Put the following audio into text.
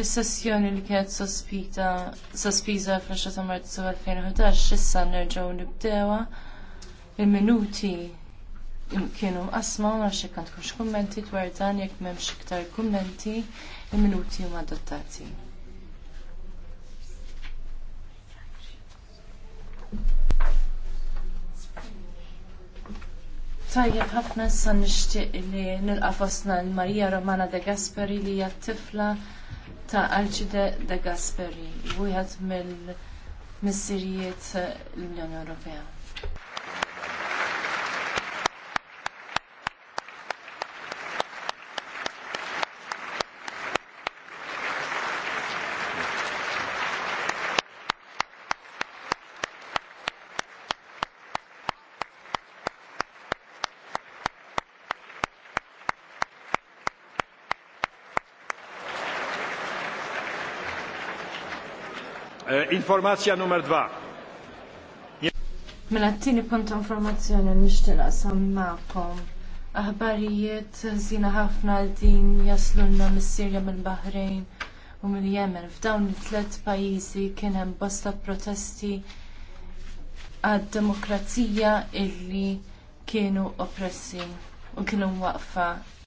Is-sessjoni li kienet sospita sospiża fl-10 ta' Marzu 2011 issa nerġgħu nibdewa. Il-minuti kienu qasma ma xi kantkomx kummenti dwar dan jekk m'hemmx iktar kummenti, il-minuti huma adottati. Tajjeb ħafna issa nixtieq li nilqa' fostna l-Marija Romana de Gasperi li hija tifla ta' Alcide de Gasperi, wieħed mill-missirijiet l-Unjoni Ewropea. Eh, Informazzja nummer 2. Mela t-tini punt informazzjoni nishtiq sammakom. Aħbarijiet zina ħafna l din jaslunna mis-Sirja minn Baħrejn u mill-Jemen. F'dawn it-tlet pajjiżi kien hemm bosta protesti għad-demokrazija illi kienu oppressi u kienu waqfa